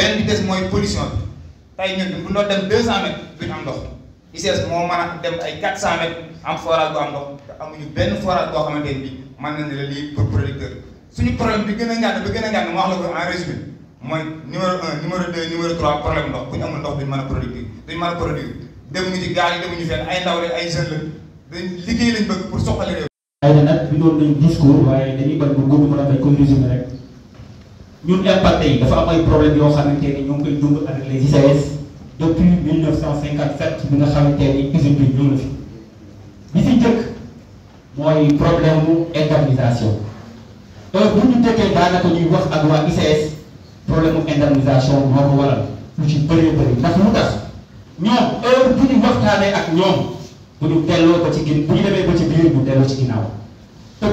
benn bi des mooy pollution bi tey ñun bu doon dem 200 mètres duñ am ndox li des moo mën a dem ay 400 mètres am forage bu am ndox te amuñu benn forage boo xamante ne bii mën na ne la lii pour producteur suñu problème bi gën a ngànd bi gën a ngànd ma wax la ko en résumé mooy numéro 1 numéro 2 numéro 3 problème ndox bu ñu amul ndox duñ mën a produire duñ mën a produire demuñu ci gaal yi demuñu fenn ay ndaw lañ ay jeunes la dañ liggéey lañ bëgg pour soxale réew. waaye nag bi doon nañ discours waaye dañuy bañ bu gudd mën a bañ ko résumé rek. ñun impacté yi dafa am ay problème yoo xamante ni ñoo ngi koy dund avec les ICS depuis 1957 bi nga xamante ni usine bi ñëw na fi bi si njëkk mooy problème mu indemnisation heure bu ñu tëkkee daanaka ñuy wax ak waa ICS problème mu indemnisation moo ko waral lu ci bëree bëri ndax mu tax ñoom heure bu ñu waxtaanee ak ñoom bu ñu delloo ko ci gin bu ñu demee ba ci biir bu te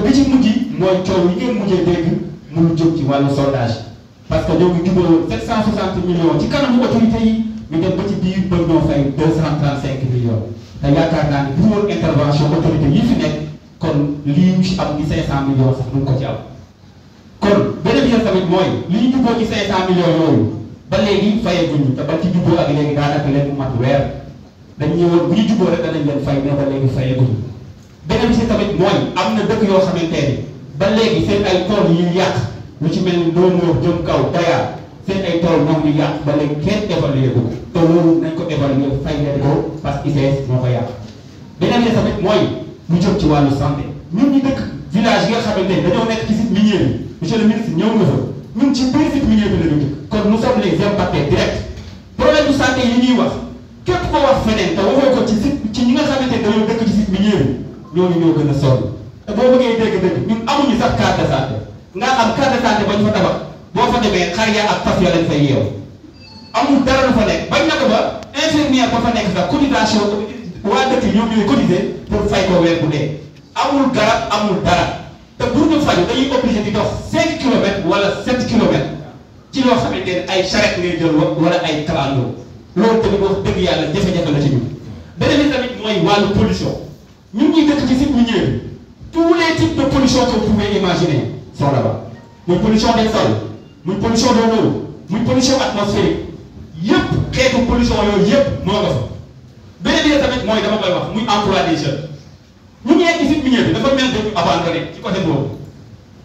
bi ci mujj mooy coow yi ngeen mujjee dégg. mu jëm ci wàllu sondage parce que ñoo ngi jubaloo 760 millions ci kanamu autorité yi ñu dem ba ci biir ba ñoo fay 235 millions te yaakaar naa ne bu woon intervention autorité yi fi nekk kon lii ñu ci am di 500 millions sax duñ ko ci am kon beneen bi tamit mooy li ñu juboo ci 500 millions yooyu ba léegi fayaguñu te ba ci juboo ak léegi daanaka leen mu mat weer dañ ñëwoon bu ñu juboo rek danañ leen fay mais ba léegi fayaguñu beneen am na dëkk yoo xamante ne. ba léegi seen ay tool yu yàq lu ci mel ni Ndongo jëm kaw Daya seen ay tool moom ñu yàq ba léegi kenn évalué ko te loolu nañ ko évalué fay leen ko parce que ICS moo ko yàq. beneen bi tamit mooy lu jëm ci wàllu santé ñun ñu dëkk village yi nga xamante ne dañoo nekk ci site minier bi monsieur le ministre ñëw nga fa ñun ci biir site minier bi la ñu dëkk kon nous sommes les impactés directs problème du santé yi ñuy wax képp ko wax feneen te waxoo ko ci ñi nga xamante ne dañoo dëkk ci site minier bi ñooñu ñoo gën te boo bëggee dégg dëgg ñun amuñu sax carte de santé nga am carte de santé bañ fa tabax boo fa demee xar yaa ak fas yoo leen fay yeew amul dara lu fa nekk bañ naka ba infirmière ba fa nekk sax cotisation waa dëkk ñoom pour fay ko weer bu dee amul garab amul dara te bu ñu faju dañuy obligé di dox wala 7 kilomètres ci loo ay charrette ngay jël wala ay kalandoo loolu tamit dëgg yàlla jafe-jafe la ci ñun beneen bi tamit mooy dëkk ci site minier bi tous les types de pollution que vous pouvez imaginer sont là-bas. Une pollution des sols, une pollution de l'eau, une pollution atmosphérique. Il y a une pollution, il y a une pollution. Bien évidemment, moi, je vais vous emploi des jeunes. Nous, nous sommes ici, nous sommes venus abandonner. Tu connais moi.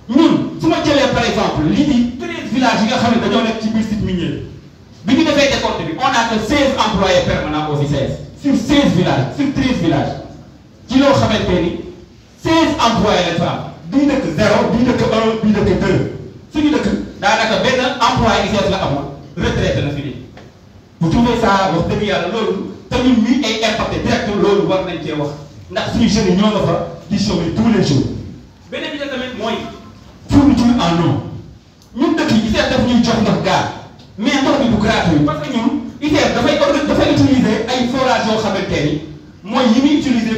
Nous, si je tiens par exemple, l'idée, 13 villages, je vais vous donner un petit peu de site minier. Mais nous, on a que 16 employés permanents aux 16. Sur 16 villages, sur 13 villages. Qui l'ont fait seize employés lañ fa am bii dëkk zéro bii dëkk un bii dëkk deux suñu dëkk daanaka benn employé ICS la amoon retraité na fi nii bu tuddee saa wax dëgg yàlla loolu tamit ñuy ay impacté direct loolu war nañ cee wax ndax suñu jeunes yi ñoo di chômer tous les jours. beneen bi tamit mooy fourniture en eau ñun dëkk yi ICS daf ñuy jox ndox gaal mais ndox bi du gratuit parce que ñun ICS dafay dafay utiliser ay forages yoo xamante ni mooy yi muy utiliser